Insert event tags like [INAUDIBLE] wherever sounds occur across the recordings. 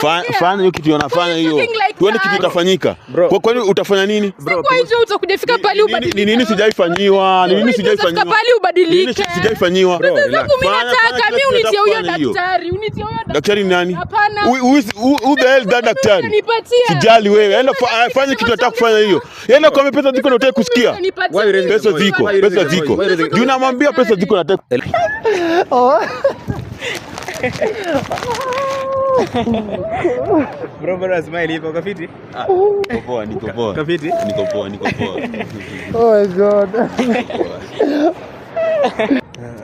Fanya hiyo kitu unafanya hiyo. Wewe kitu utafanyika. Kwa kwani utafanya nini? Kwa hiyo utakujafika pale ubadilike. Ni nini sijaifanyiwa? Ni nini sijaifanyiwa? Pale ubadilike. Nini sijaifanyiwa? Mimi nataka mimi unitie huyo daktari, unitie huyo daktari. Daktari ni nani? Hapana. Who the hell that daktari? Nipatie. Sijali wewe. Enda eh, fanya kitu unataka kufanya hiyo. Enda kwa mimi pesa ziko na utaki kusikia. Pesa ziko, pesa ziko. Juu namwambia pesa ziko na nataka. Oh. [LAUGHS] Bro, bro, smile hivyo kafiti fiti? Ah, niko poa, niko poa. Uko Niko poa, niko poa. [LAUGHS] Oh my god.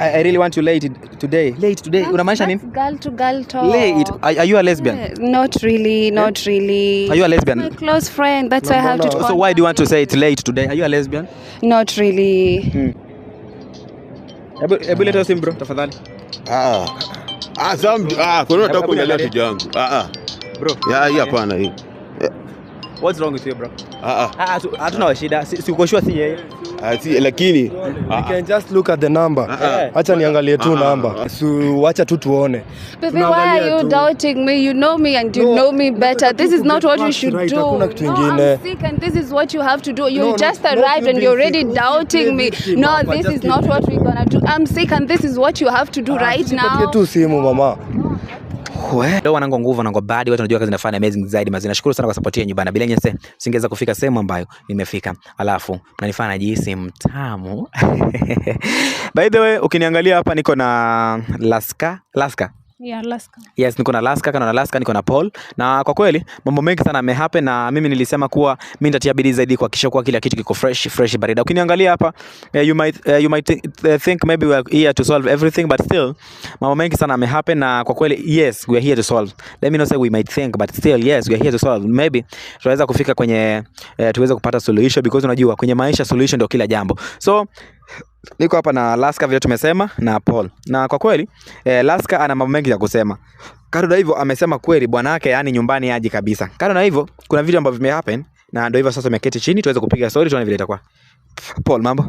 I, I really want you late today. Late today. Una Unamaanisha nini? Girl to girl talk. Late. Are, are you a lesbian? not really, not eh? really. Are you a lesbian? My close friend, that's no, why no, I have no. to So why do you want to say it late today? Are you a lesbian? Not really. Mm. Ebu, hebu leta simu bro, tafadhali. Ah. Ah, sam ah, kuna nini unataka kunielewa tiji Ah ah. Bro. Ya hii hapana hii. What's wrong with you bro? Ah ah. Hatuna ah, ah, ah, shida. Si uko sure si yeye. Ah si lakini you can just look at the number. Acha niangalie tu namba. So acha tu tuone. Baby why are you doubting me? You know me and you know me better. This is not what you should do. No, I'm sick and this is what you have to do. You just arrived and you're already doubting me. No, this is not what we're gonna do. I'm sick and this is what you have to do right now. Tupatie tu simu mama kwe. Leo wanangu nguvu wanangu badi watu wanajua kazi nafanya amazing zaidi mazi. Nashukuru sana kwa support yenu bana. Bila nyinyi singeweza kufika sehemu ambayo nimefika. Alafu mnanifanya najihisi mtamu. [LAUGHS] By the way, ukiniangalia hapa niko na Laska, Laska. Yes, niko na Alaska, kana na Alaska niko na Paul. Na kwa kweli mambo mengi sana yamehappen na mimi nilisema kuwa mimi nitatia bidii zaidi kuhakikisha kuwa kila kitu kiko fresh fresh barida. Ukiniangalia hapa uh, you might uh, you might th eh, think maybe we are here to solve everything but still mambo mengi sana yamehappen na kwa kweli yes we are here to solve. Let me not say we might think but still yes we are here to solve. Maybe tunaweza kufika kwenye uh, tuweze kupata solution because unajua kwenye maisha solution ndio kila jambo. So niko hapa na Laska vile tumesema na Paul, na kwa kweli eh, Laska ana mambo mengi ya kusema. Kando na hivyo amesema kweli bwana yake, yani nyumbani aje kabisa. Kando na hivyo kuna vitu ambavyo vime happen na ndio hivyo sasa tumeketi chini tuweze kupiga story tuone vile itakuwa. Paul, mambo?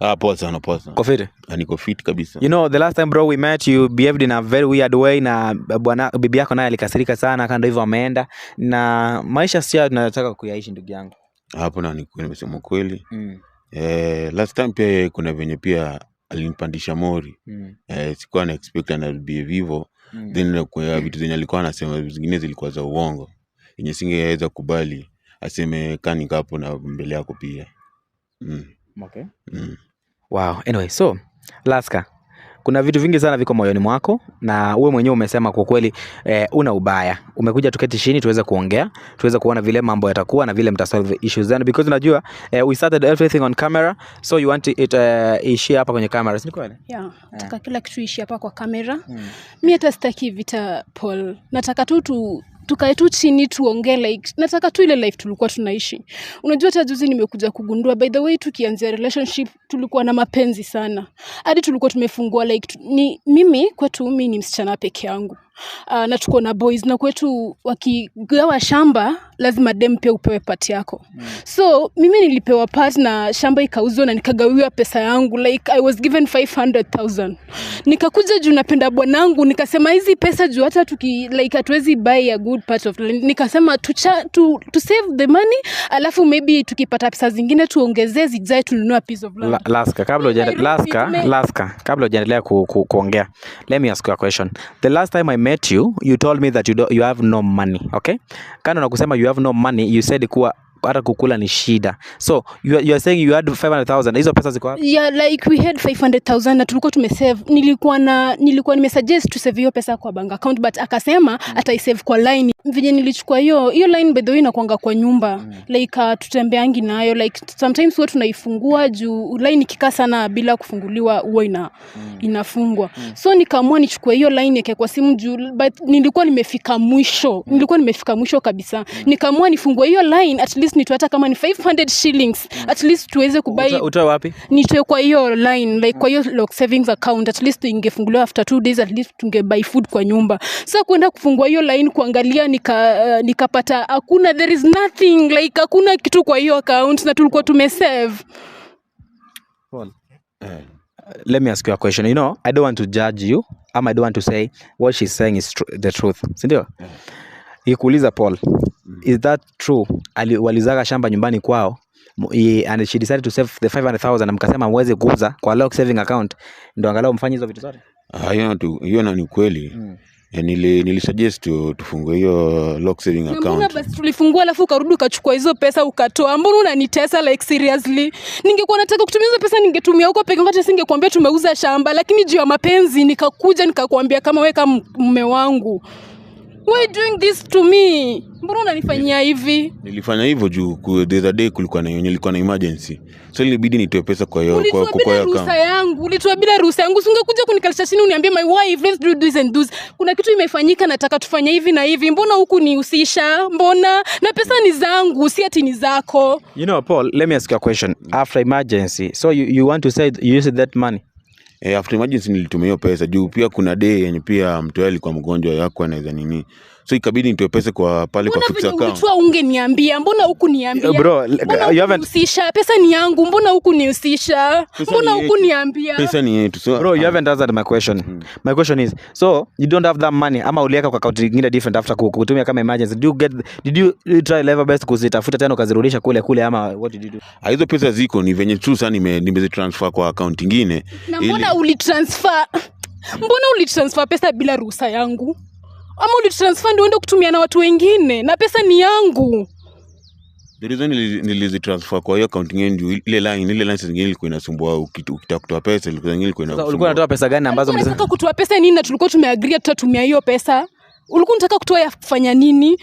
Ah, poa sana, poa sana. Kofiti? Ah, niko fit kabisa. You know, the last time bro we met you behaved in a very weird way na bwana bibi yako naye alikasirika sana, kando hivyo ameenda na maisha sio tunayotaka kuyaishi ndugu yangu. Hapo na ni kweli, nimesema kweli. Mm Eh, last time pia yeye kuna venye pia alinipandisha mori mm. Eh, sikuwa na expect anarudie vivo mm. Then kwa mm. vitu zenye alikuwa anasema zingine zilikuwa za uongo yenye singeweza kubali aseme kani kapo na mbele yako pia mm. Okay. Mm. Wow. Anyway, so Laska kuna vitu vingi sana viko moyoni mwako na uwe mwenyewe umesema kwa kweli eh, una ubaya. Umekuja tuketi chini tuweze kuongea, tuweze kuona vile mambo yatakuwa na vile mtasolve issues zenu because unajua eh, we started everything on camera so you want it uh, eh, ishi hapa kwenye camera, si kweli? Yeah, eh. nataka yeah. Kila kitu ishi hapa kwa camera. Hmm. Mimi hata sitaki vita Paul. Nataka tu tu tukae tu chini tuongee like nataka tu ile life tulikuwa tunaishi unajua hata juzi nimekuja kugundua by the way tukianzia relationship tulikuwa na mapenzi sana hadi tulikuwa tumefungua like ni mimi kwetu mi ni msichana peke yangu uh, ah, na tuko na boys na kwetu wakigawa shamba lazima dem pia upewe part yako mm. so mimi nilipewa part na shamba ikauzwa na nikagawiwa pesa yangu like i was given 500000 hmm. nikakuja juu napenda bwanangu nikasema hizi pesa juu hata tuki like hatuwezi buy a good part of nikasema tucha, tu, to save the money alafu maybe tukipata pesa zingine tuongezee zijae tununua piece of land. La, laska kabla ujaendelea laska, laska kabla ujaendelea ku, ku, kuongea let me ask you a question the last time i met you you told me that you, do, you have no money okay kando na kusema you have no money you said kuwa hata kukula ni shida. So you are, you are saying you had 500,000. Hizo pesa ziko wapi? Yeah, like we had 500,000 na tulikuwa tumesave. Nilikuwa na nilikuwa nimesuggest to save hiyo pesa kwa bank account but akasema mm. ataisave kwa line. Venye nilichukua hiyo hiyo line by the way inakuanga kwa nyumba. Mm. Like uh, tutembeangi nayo like sometimes huwa tunaifungua juu line ikikaa sana bila kufunguliwa huwa ina mm. inafungwa. Mm. So nikaamua nichukue hiyo line yake kwa simu juu but nilikuwa nimefika mwisho. Mm. Nilikuwa nimefika mwisho kabisa. Mm. Nikaamua nifungue hiyo line at least least nitoe hata kama ni 500 shillings mm. at least tuweze kubai utoe wapi nitoe kwa hiyo line like mm. kwa hiyo lock savings account at least ingefunguliwa after two days at least tunge buy food kwa nyumba sasa kwenda kufungua hiyo line kuangalia nika uh, nikapata hakuna there is nothing like hakuna kitu kwa hiyo account na tulikuwa tumesave well, uh, eh, let me ask you a question you know i don't want to judge you um, i don't want to say what she's saying is tr the truth sindio eh. ikuuliza paul is that true? Walizaga shamba nyumbani kwao and she decided to save the 500,000 mkasema mweze kuuza kwa lock saving account ndo angalau mfanye hizo vitu zote? Ah, hiyo tu hiyo na ni kweli. Mm. E, nili, nili suggest tufungue hiyo lock saving account. mbona basi tulifungua alafu ukarudi ukachukua hizo pesa ukatoa? Mbona unanitesa like seriously? Ningekuwa nataka kutumia hizo pesa ningetumia huko peke yangu, hata singekuambia tumeuza shamba, lakini juu ya mapenzi nikakuja nikakwambia kama weka mume wangu Why doing this to me? Mbona unanifanyia hivi? Nilifanya hivyo juu ku- the other day kulikuwa na nilikuwa na emergency. So ilibidi nitoe pesa kwa yo, kwa Ulitoa kwa kwa bila ruhusa yangu, ulitoa bila ruhusa yangu. Si ungekuja kunikalisha chini uniambie my wife, let's do this and this. Kuna kitu imefanyika, nataka tufanye hivi na hivi. Mbona huku nihusisha? Mbona? Na pesa ni zangu, si ati ni zako. You know, Paul, let me ask you a question. After emergency, so you, you want to say you use that money? E, after emergency nilitumia hiyo pesa juu pia kuna day yenye pia mtu yeye alikuwa mgonjwa yako anaweza nini so ikabidi nitoe pesa kwa pale kwa fixed account. Mbona ungeniambia? Mbona huku niambia? Bro, you haven't usisha pesa ni yangu, mbona huku niusisha? Mbona huku niambia? Pesa ni yetu. So bro, you ah. haven't answered my question. Mm. My question is, so you don't have that money ama uliweka kwa account nyingine different after kutumia kama emergency. Did you get did you try level best kuzitafuta tena ukazirudisha kule kule ama what did you do? Ah, hizo pesa ziko ni venye tu sana nimezitransfer kwa account nyingine ili mbona ulitransfer mbona ulitransfer pesa bila ruhusa yangu ama ulitransfer ndio uende kutumia na watu wengine na pesa ni yangu the reason nilizitransfer kwa hiyo account nyingine juu ile line ile line zingine ilikuwa inasumbua ukitaka kutoa pesa ilikuwa zingine ilikuwa inasumbua. Ulikuwa unatoa pesa gani ambazo mlitaka kutoa pesa nini na tulikuwa tumeagree tutatumia hiyo pesa? Ulikuwa unataka kutoa ya kufanya nini?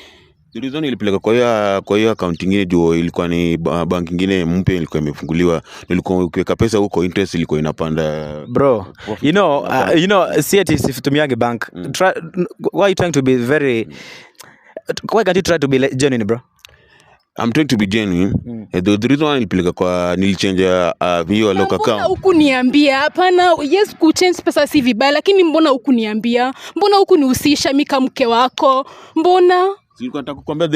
The reason nilipeleka kwa hiyo kwa hiyo account nyingine juu ilikuwa ni bank nyingine mpya ilikuwa imefunguliwa. Nilikuwa ukiweka pesa huko interest ilikuwa inapanda. bro you know uh, you know si ati situmiange bank mm. try, why are you trying to be very mm. why can't you try to be genuine bro I'm trying to be genuine. Mm. Eh, the, reason why nilipeleka kwa nilichange uh, hiyo lock mbona account. niambia? hapana yes kuchange pesa si vibaya lakini mbona niambia? mbona hukunihusisha mika mke wako mbona Sikuwa nataka kukwambia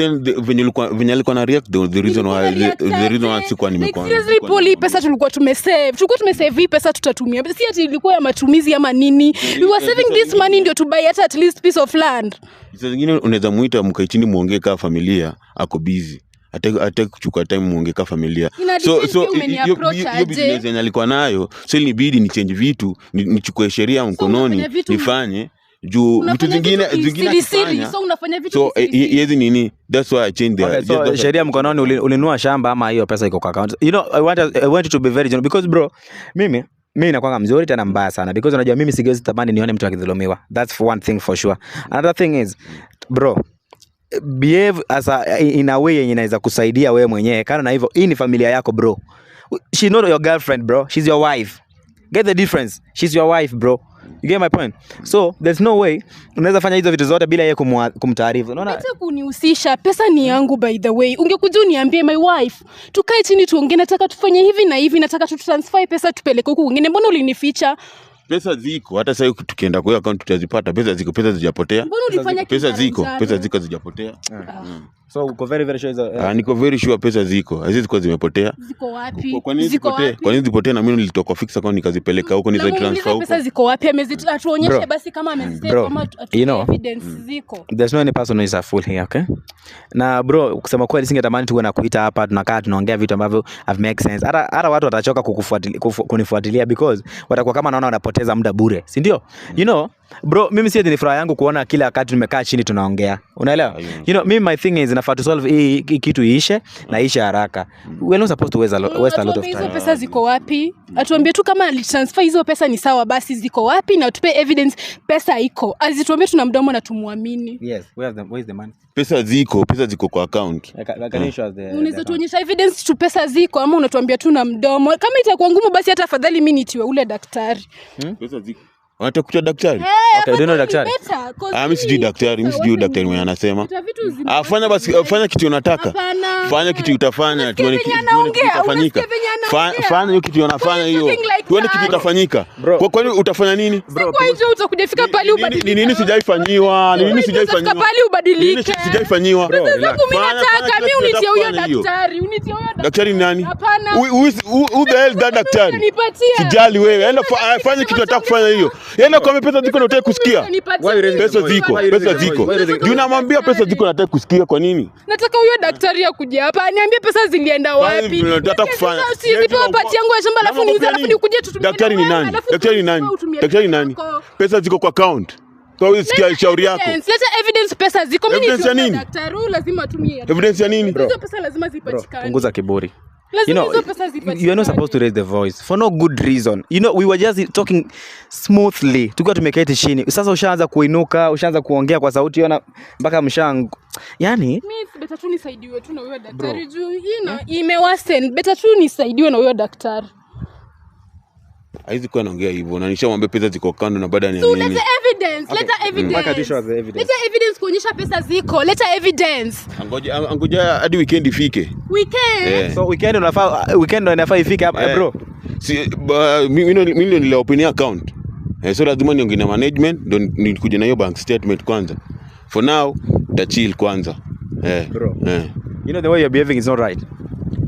pesa tulikuwa tumesave, tulikuwa tumesave hii pesa tutatumia, si ati ilikuwa ya matumizi ama nini. We were saving this money ndio to hata at least piece of land. saa zingine unaweza mwita mkae chini muongee kaa familia ako busy hata kuchukua time muongee kaa familia Ina depend hiyo- hiyo- business yenye alikuwa nayo so ilibidi ni change vitu ni- nichukue sheria mkononi vitu- nifanye juu vitu vingine vingine so unafanya vitu so hizi nini that's why i changed the okay, so sheria mkononi ulinua shamba ama hiyo pesa iko kwa account you know i want i want to be very general because bro mimi mimi nakwanga mzuri tena mbaya sana because unajua mimi sigeuzi tamani nione mtu akidhulumiwa that's for one thing for sure another thing is bro behave as a, in a way yenye inaweza kusaidia wewe mwenyewe kana na hivyo hii ni familia yako bro she's not your girlfriend bro she's your wife get the difference she's your wife bro You get my point? So there's no way unaweza fanya hizo vitu zote bila yeye kumtaarifu. Unaona? Sasa kunihusisha, pesa ni yangu by the way. Ungekuja uniambie my wife, tukae chini tuongee, nataka tufanye hivi na hivi, nataka tu transfer pesa tupeleke huku Ngine Mbona ulinificha? pesa ziko hata sasa tukienda kwa account tutazipata pesa ziko pesa zijapotea pesa ziko pesa ziko zijapotea ah. mm. so uko very very sure eh? ah niko very sure pesa ziko hizi ziko zimepotea ziko wapi kwa nini zipotee kwa nini zipotee na mimi nilitoa fix account nikazipeleka huko nizo transfer huko pesa ziko wapi amezituonyeshe mm. basi kama amezitoa mm, kama you know there's no any person who is a fool here okay na bro kusema kweli singetamani tuwe na kuita hapa tunakaa tunaongea vitu ambavyo have make sense hata hata watu watachoka kukufuatilia kunifuatilia because watakuwa kama naona wanapotea kupoteza muda bure, si ndio? Mm. You know, bro mimi si ni furaha yangu kuona kila wakati nimekaa chini tunaongea unaelewa you know, mimi my thing is nafaa to solve hii hii kitu iishe na mm. iishe haraka We are not supposed to waste a, lo, mm, waste a lot of time hizo pesa ziko wapi atuambie tu kama alitransfer hizo pesa ni sawa basi ziko wapi na tupe evidence pesa iko azituambie tuna mdomo na tumuamini yes where the, where is the money pesa ziko pesa ziko kwa account unaweza tuonyesha evidence tu pesa ziko ama unatuambia tu na mdomo kama itakuwa ngumu basi hata afadhali mimi nitiwe ule daktari hmm? pesa ziko Unataka kuchua daktari? Hey, daktari. Ah, mimi sijui daktari, mimi sijui daktari mwenye anasema. Ah, fanya basi fanya kitu unataka. Fanya kitu utafanya, tuone kitu kitafanyika. Fanya hiyo kitu unafanya hiyo. Tuone kitu itafanyika. Kwa kwani utafanya nini? Kwa hiyo utakudefika pale ubadilike. Ni nini sijaifanywa? Ni nini sijaifanywa? Pale ubadilike. Sijaifanywa. Mimi nataka mimi unitie huyo daktari, unitie huyo daktari. Daktari ni nani? Hapana. Who the hell that daktari? Sijali wewe. Yaani enda fanya kitu unataka kufanya hiyo. Yenda yaani kwa mimi pesa ziko nataka kusikia. Pesa ziko, pesa ziko. Juu namwambia pesa ziko nataka kusikia kwa nini? Nataka huyo daktari akuje hapa aniambie pesa zilienda wapi. Nataka yaani kufanya. Sipo yaani pati yangu ya shamba alafu niuze alafu nikuje tu. Daktari ni nani? Daktari ni nani? Daktari ni nani? Pesa ziko kwa account. Kwa hiyo sikia shauri yako. Leta evidence pesa ziko mimi ni daktari lazima atumie. Evidence ya nini? Hizo pesa lazima zipatikane. Punguza kiburi you know, you are not supposed to raise the voice for no good reason you know, we were just talking smoothly tukiwa tumeketi chini. Sasa ushaanza kuinuka, ushaanza kuongea kwa sauti, ona mpaka mshangu. Yani beta tu nisaidiwe tu na huyo daktari juu, you know, imewasen. Better tu nisaidiwe na huyo daktari haizi kuwa naongea hivyo na nishamwambia pesa ziko kando na baada ya so nini leta evidence leta mm. evidence mpaka tisho as evidence leta evidence kuonyesha pesa ziko leta evidence angoja angoja hadi weekend ifike weekend eh. so weekend unafaa weekend ndio ifike hapa eh. bro si mimi mimi nile open account eh, so lazima niongee na management ndio nikuje na hiyo bank statement kwanza for now chill kwanza eh, bro eh. you know the way you're behaving is not right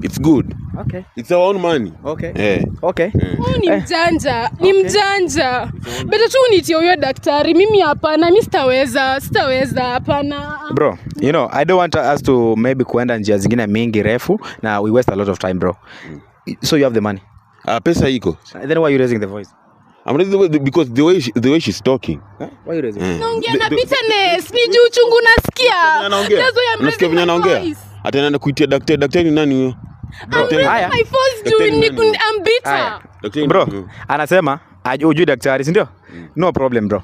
it's good Okay. It's our own money. Okay. Yeah. Okay. Yeah. Huyu ni eh. mjanja, ni mjanja. Beta tu unitie huyo daktari. Mimi hapana, mimi sitaweza, sitaweza hapana. Bro, you know, I don't want us to maybe kuenda njia zingine mingi refu na we waste a lot of time bro. Mm. So you have the money. Ah, pesa iko. Then why are you raising the voice? I'm raising the way because the way she, the way she's talking. Huh? Why are you raising? Eh. Naongea na bitterness, ni juu nasikia. Naongea. Naongea. Naongea. raising kuitia daktari, daktari ni nani huyo? bro anasema ujui daktari sindio mm. no problem bro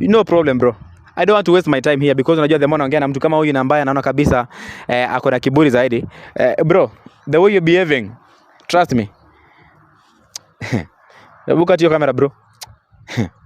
no problem bro I don't want to waste my time here because unajua the more naongea na mtu kama huyu na ambaye anaona kabisa eh, ako na kiburi zaidi eh, bro the way you're behaving trust me [LAUGHS] hebu kati kamera bro [LAUGHS]